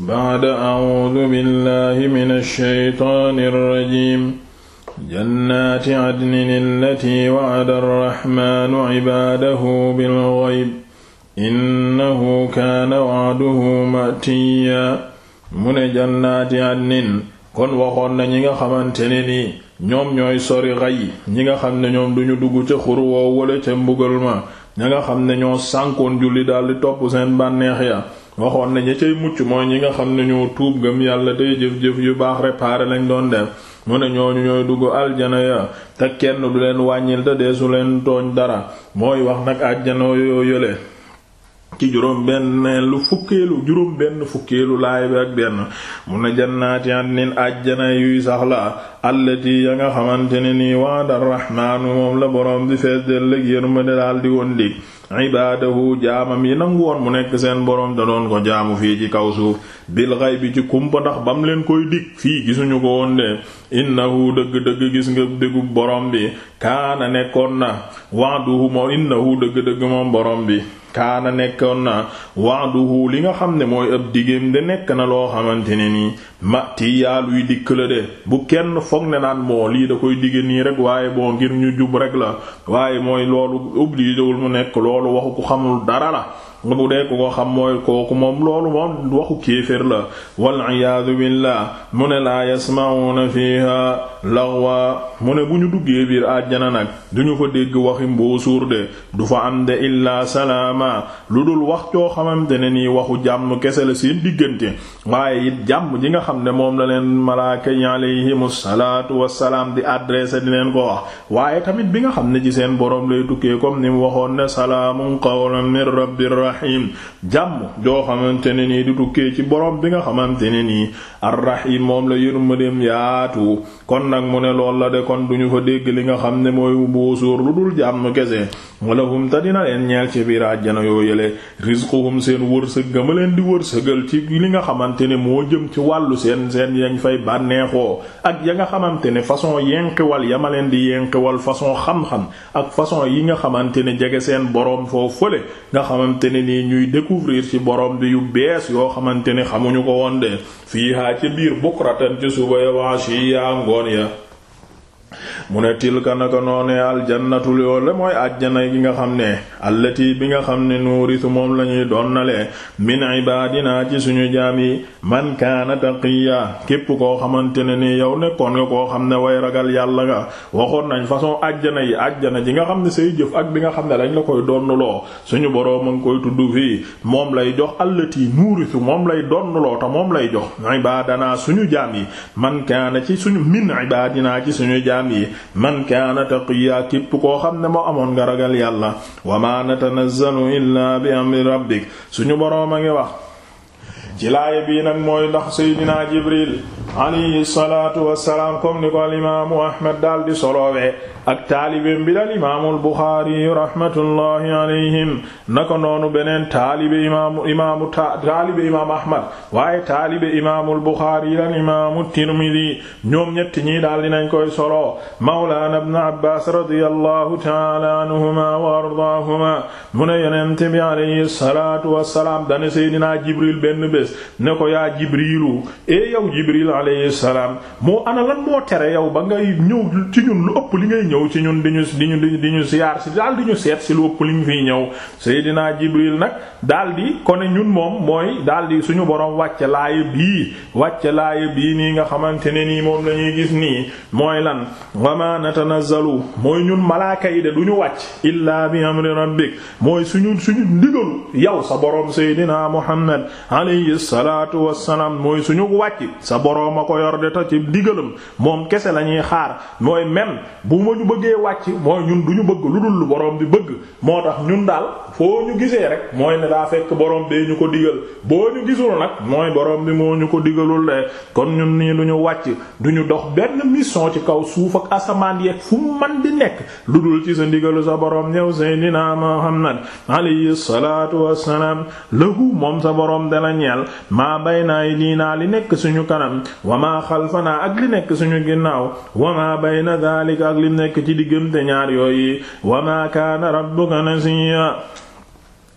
bacda acuudu billahi min alsheytaani alrajim jannaati cadnin allati wacada arraxmanu cibaadahu bilgayb innahu kaana wacduhu matiya mu ne jannaati cadnin kon waxoon na ñi nga xamante ne nii ñoom ñooy sori xay ñi nga xam ne ñoom duñu dugg ca xur woo wala ca mbugal ma ña nga xam ne ñoo sànkoon julli daldi topp seen bànneex ya waxoon na nañu cay mucc mooy ñi nga xam ne ñoo tuub gëm yàlla tey jëf-jëf yu baax réparé lañ doon def mu ne ñooñu ñooy dugg aljana ya te kenn du leen wàññil te deesu leen tooñ dara mooy wax nag àjjana yoo yële ci juróom benn lu fukkeelu juróom benn fukkeelu laay bi ak benn mu ne jannaati àddin àjjana yuy sax la allati ya nga xamante ne nii waada rahmaanu moom la borom bi fees del lëg ma daal di woon dig wu jaamam yi nangu woon mu nekk seen boroom da ko jaamu fii ci kaw suuf bil xay bi ci kumpa ndax bam leen koy dig fii gisuñu ko woon de innahu dëgg-dëgg gis nga déggu boroom bi kaana nekkoon na waaduhu moo innahu dëgg-dëgg moom boroom bi kaana nekkoon na waaduhu li nga xam ne mooy ab digéem de nekk na loo xamante ne nii ma ti yaaluy dikk la de bu kenn foog ne naan moo lii da koy digé nii rek waaye boo ngir ñu jub rek la waaye mooy loolu obligé mu nekk loolu waxu ko xamul dara la bu dee ko xam mooy kooku moom loolu moom waxu kéefér la waliyaadu billah mu ne laa yasma'una fiha laghwa mu ne bu ñu duggee biir àjjana nag duñu fa dégg waxi mboosuur de du fa am de illaa salaama lu dul wax coo xamante ne nii waxu jàmm kese la seen diggante waaye it jàmm ji nga xam ne moom la leen malaaka yi alayhimu salaatu wassalaam di adressé di leen ko wax waaye tamit bi nga xam ne ci seen boroom lay tukkee comme ni mu waxoon ne rahim jàmm joo xamante ne nii di tukkee ci borom bi nga xamante ne nii arrahim moom la yërmandeem yaatu kon nag mu ne lool la de kon duñu fa dégg li nga xam ne mooy mbóosóor lu dul jàmm kese wala hum te dina leen ñeel ci biir àjjana yoo yële rizquhum seen wërsëg ga ma leen di wërsëgal ci li nga xamante ne moo jëm ci wàllu seen seen yañ fay bànneexoo ak ya nga xamante ne façon yenqiwal ya ma leen di yenqiwal façon xam-xam ak façon yi nga xamante ne jege seen boroom foofu fële nga xamante ne ne nii ñuy découvrir ci borom bi yu bees yoo xamante ne xamuñu ko woon de fiihaa ci biir bukratan ci suba ya wa ashiya ngoon ya mu ne tilka naka noone aljannatu loole mooy àjjana gi nga xam ne allati bi nga xam ne nuurisu moom la ñuy doon nalee min ibadina ci suñu jaam yi man kaana taqiya képp koo xamante ne nii yow nekkoon nga koo xam ne way ragal yàlla waxoon nañ façon àjjana yi àjjana ji nga xam ne say jëf ak bi nga xam ne dañ la koy donnuloo suñu boroom a koy tudd fii moom lay jox allati nuurisu moom lay donnuloo te moom lay jox ibadana suñu jaam yi man kaana ci suñu min ibadina ci suñu jaam yi man kaana taqiya képp koo xam ne moo amoon garagal ragal yàlla wa ma natanazzalu illaa bi amri rabbik suñu boroom a ngi wax ci laaya bii nag mooy ndax seydinaa jibril alayhi salaatu wassalaam comme ni ko al imaamu ahmad daal di solowee ak taalibeem bi dal imaamul Buxaari rahmatullahi alayhim naka noonu beneen taalibe imaamu imaamu taalibe imaamu Ahmad waaye taalibe imaamul Buxaari dal imaamu Tirmidi ñoom ñett ñii daal dinañ koy solo mawlaana ibn Abbaas radiyallahu ta'ala anhuma wa ardaahuma mu ne yonent bi alayhi salaatu wassalaam dane Seydina Jibril benn bés ko yaa Jibrilu e yow Jibril alayhi salaam moo ana lan moo tere yow ba ngay ñëw ci ñun lu li ngay ñëw ci ñun di ñu di ñu di ñu siyaar si daal ñu seet si lu ëpp li ñu fiy ñëw Seydina Jibril nag daal di ko ñun moom mooy daal suñu borom wàcce laaya bii wàcce laaya bii nii nga xamante ne nii moom la ñuy gis nii mooy lan wama natanazzalu mooy ñun malaaka yi de du ñu wàcc illaa bi amri rabbik mooy suñu suñu ndigalu yow sa borom Seydina Muhammad alayhi salaatu wassalaam mooy suñu wàcc sa borom a ko yor de ta ci digalam moom kese lañuy xaar mooy même bu ñu bëggee wàcc mooy ñun du ñu bëgg lu dul borom bi bëgg moo tax ñun daal foo gisee rek mooy ne fekk borom bee ñu ko digal boo nag mooy borom bi moo ñu ko digalul de kon ñun nii du ñu wàcc du ñu dox benn mission ci kaw suuf ak asamaan yeeg fu mu man di nekk lu dul ci sa ndigalu sa borom ñëw Seydina Muhammad alayhi salaatu wassalaam lahu moom sa boroom dana ñeel maa bay naay diinaa li nekk suñu kanam wa maa xalfanaa ak li nekk suñu ginnaaw wa maa bayna daalika ak li nekk nekk ci diggante ñaar yooyu wa ma kaana rabbuka nasiya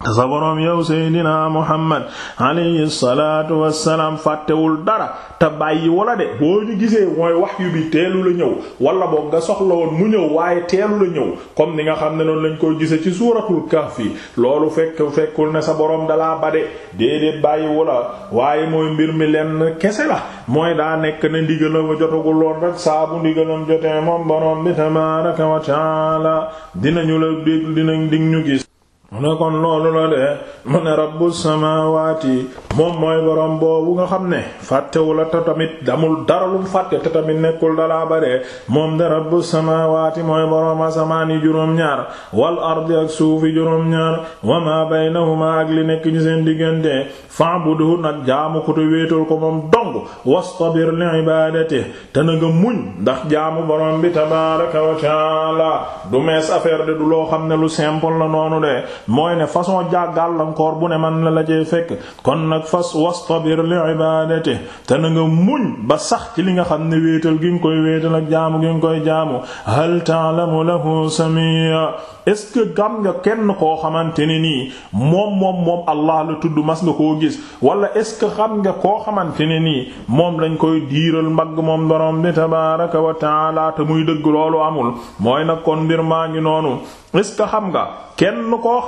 sa boroom yow seydinaa muhammad alayhi salaatu wassalaam fàttewul dara te bàyyi wala de boo ñu gisee mooy wax yu bi teelu la ñëw wala boog nga soxla woon mu ñëw waaye teelu la ñëw comme ni nga xam ne loolu lañ koy gisee ci suuratul kahfi loolu fekk fekkul ne sa boroom dalaa bade déedéet bàyyi wala waaye mooy mbir mi lenn kese la mooy daa nekk ne ndigalam jotagul loon rek saabu ndigalam jotee moom boroom bi tabaaraka wa taala dinañu la dégg dinañ dig ñu gis mu ne kon loolu la de mu ne rabbu samaawaati moom mooy borom boobu nga xam ne fàttewu la te tamit damul dara lu fàtte te tamit nekkul dalaa ba de moom de rabbu samaawaati mooy borom asamaan yi juróom-ñaar wal ardi ak suufi juróom-ñaar wa ma baynahuma ak li nekk ñu seen diggante fa'budhu nag jaamu ko te wéetal ko moom dong wastabir li ibaadati te na muñ ndax jaamu borom bi tabaaraka wa taala du mees affaire de du loo xam ne lu simple la noonu mooy ne façon jàggallankoor bu ne man la la cee fekk kon nag fas wastabir li ibadati te na nga muñ ba sax ci li nga xam ne wéetal gi nga koy wéetal ak jaamu gi nga koy jaamu hal ta'lamu lahu samia est-ce que xam nga kenn koo xamante ni nii moom moom moom allah la tudd mas nga koo gis wala est-ce que xam nga koo xamante ne nii moom lañ koy diiral mbagg moom borom bi tabaraka wa taala te muy dëgg loolu amul mooy nag kon mbir maa ngi noonu est que xam nga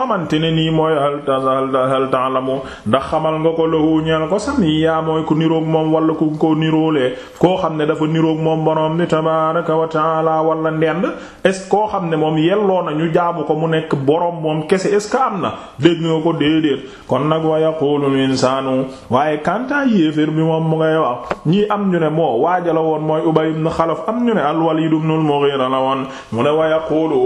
xamante ne nii mooy hal ta'lamu ndax xamal nga ko lahu ñeel ko samiya mooy ku niroog moom wala koo xam ne dafa niroog moom borom bi tabaaraka wa ta'ala wala ndend ce koo xam ne moom yelloo na ñu jaamu ko mu nekk borom moom kese est-ce que am na dégg nga ko déedéet kon nag wa yaqulul insaanu waaye kantaa yéeféer bi moom mu ngay wax ñii am ñu ne moo waaja la woon mooy Ubay ibn Xalaf am ñu ne al-Walid ibn al-Mughira la woon mu ne wa yaqulu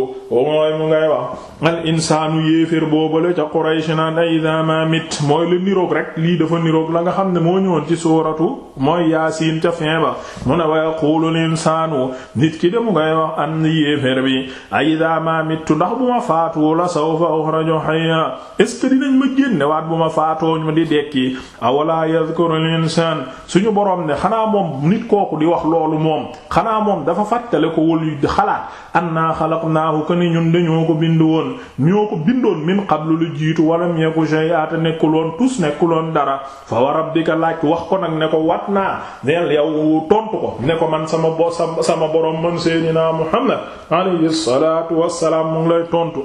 mooy mu ngay wax al insaanu yéeféer boobale ca Quraysh naan ay ida ma mooy lu niroog rek lii dafa niroog la nga xam ne moo ñëwoon ci suuratu mooy yaasiin ca fin ba mu ne wa yaqulul insaanu nit ki dem ngay wax am ni yéeféer bi ay ida ma ndax bu ma faatu la sawfa uxraju hayya est-ce que dinañ ma génne waat bu ma faatoo ñu di dekki awala yadhkurul insaan suñu borom ne xanaa moom nit kooku di wax loolu moom xanaa moom dafa fàttale ko wul xalaat annaa xalaqnaahu kani ñun dañoo ko woon min qablu lu jiitu walam yaku shay'a te nekkuloon tus loon dara fa wa rabbika laaj wax ko nag ne ko wat naa neel yow tontu ko ne ko man sama bo sama borom man seydinaa Muhammad alayhi salaatu wa mu ngi lay tontu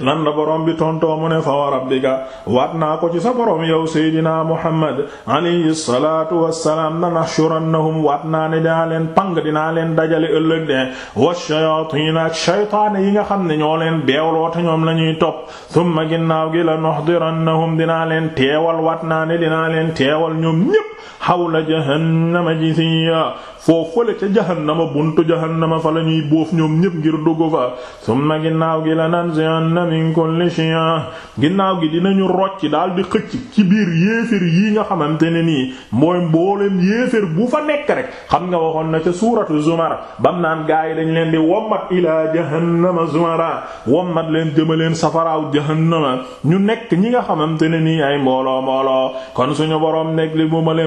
lan la borom bi tontoo mu ne fa wa rabbika waat naa ko ci sa boroom yow seydinaa muhammad alayhi salaatu wassalaam la nahshurannahum waat naa ne dinaa leen pang dinaa leen dajale ëllëg de wa shayaatiina ak shaytaane yi nga xam ne ñoo leen beewloo te ñoom la ñuy topp summa ginnaaw gi la nuhdirannahum dinaa leen teewal waat naa ne dinaa leen teewal ñoom ñépp xawla jahannama jisiya foofale ca jahannama buntu jahannama fa la ñuy bóof ñoom ñépp ngir dugg fa summa ginnaaw gi la naan nanzi'anna min kulli shi'a ginnaaw gi ñu rocci daal di xëcc ci biir yéefér yi nga xamante ne nii mooy mbooleem yéefér bu fa nekk rek xam nga waxoon na ca suuratu zumar bam naan gaa yi dañ leen di wommat ilaa jahannama zumara wommat leen jëmaleen safaraaw jahannama ñu nekk ñi nga xamante ne nii ay mbooloo mbooloo kon suñu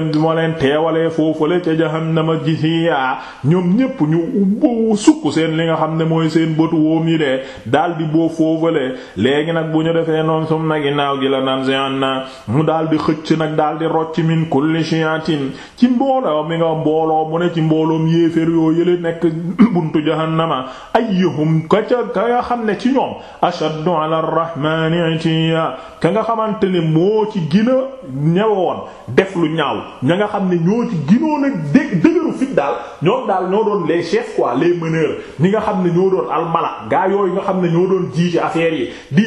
mbugaleen bi ma leen teewalee foofale ca jahannama jisiya ñoom ñépp ñu ubboo sukk seen li nga xam ne mooy seen bëtu wóom yi de daldi boo foofale léegi nag bu ñu defee noon sum na ginaaw gi la nan sian na mu daldi xëcc nag daldi rocc min kulli shiatin ci mbooloo mi nga mbooloo mu ne ci mbooloom yéefér yoo yële nekk buntu jahannama ayyuhum ka ca ka nga xam ne ci ñoom ashaddu ala rahmani itiya ka nga xamante ne moo ci gina ñewoon def lu ñaaw ña nga xam ne ñoo ci ginoon a dé dëgëru fit daal ñoom daal ñoo doon les chefs quoi les meneurs ñi nga xam ne ñoo doon almala gaa yooyu nga xam ne ñoo doon jiite affaire yi di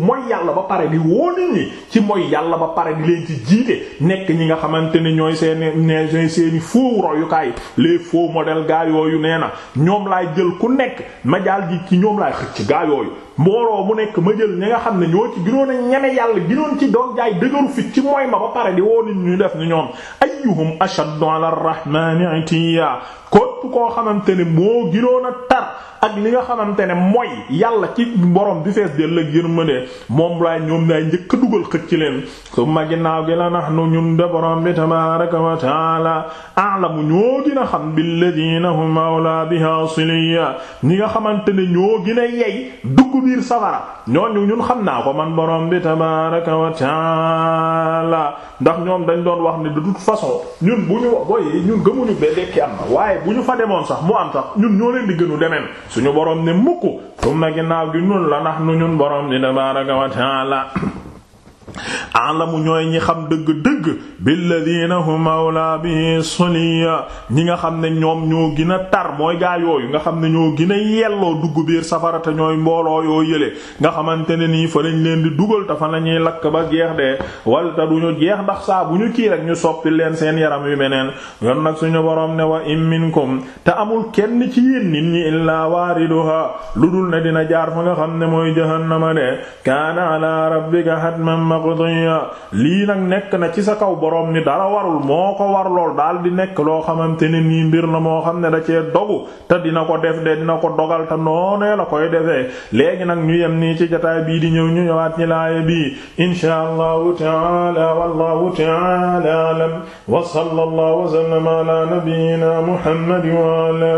mooy yàlla ba pare di wóone ñi ci mooy yàlla ba pare di leen ci jiite nekk ñi nga xamante ne ñooy seeni ñooy seeni faux royukaay les faux modèles gaa yooyu nee na ñoom laay jël ku nekk ma ji ci ñoom laay xëcc gaa yooyu mbooloo mu nekk ma jël ñi nga xam ne ñoo ci gënoon a ñeme yàlla gënoon ci doon jaay dëgëru fit ci mooy ma ba pare di woo nit ñu def ni ñoom ayyuhum ashaddu ala arrahmani atiya képp koo xamante ne moo ginoon a ak li nga xamante ne mooy yàlla ci borom bi fees del ak yërmande moom laay ñoom naay njëkk a dugal xëcc leen su ma ginnaaw gi la nax nu ñun de borom bi tabaraka wa taala a'lamu ñoo gën a xam billadina hum awla biha siliya ñi nga xamante ne ñoo gën a yey dugg biir safara ñooñu ñun xam naa ko man borom bi tabaraka wa taala ndax ñoom dañ doon wax ne de façon ñun bu ñu boy ñun gëmuñu ba dekki am na waaye bu ñu fa fa demoon sax mu am sax ñun ñoo leen di gënu demeen suñu borom ne mukk tum na ginnaaw gi ñun la nax nu ñun borom di tabaaraka wa taala alamu ñooy ñi xam dëgg-dëgg billadina hum awla bi soliya ñi nga xam ne ñoom ñoo gën a tar mooy gaa yooyu nga xam ne ñoo gën a yelloo dugg biir safara te ñooy mbooloo yoo yële nga xamante ne nii fa lañ leen di dugal te nañuy lakk ba jeex de wala te du ñu jeex ndax saa bu ñu kii rek ñu soppi leen seen yaram yu meneen yoon nag suñu borom ne wa in te amul kenn ci yéen nit ñi illaa waariduha lu dul ne dina jaar fa nga xam ne mooy jahannama de maqdiya lii nag nekk na ci sa kaw borom ni dara warul moo ko war daal di nekk loo xamante ne nii mbir na moo xam ne da cee dogu te dina ko def dina ko dogal te noonee la koy defee léegi nag ñu ni ci jotaay bii di ñëw ñu ñëwaat ñi laaya bii insha allahu taala wallahu taala alam wa sallallahu wa sallama ala nabiyyina muhammad wa ala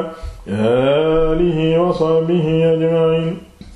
alihi wa sahbihi ajma'in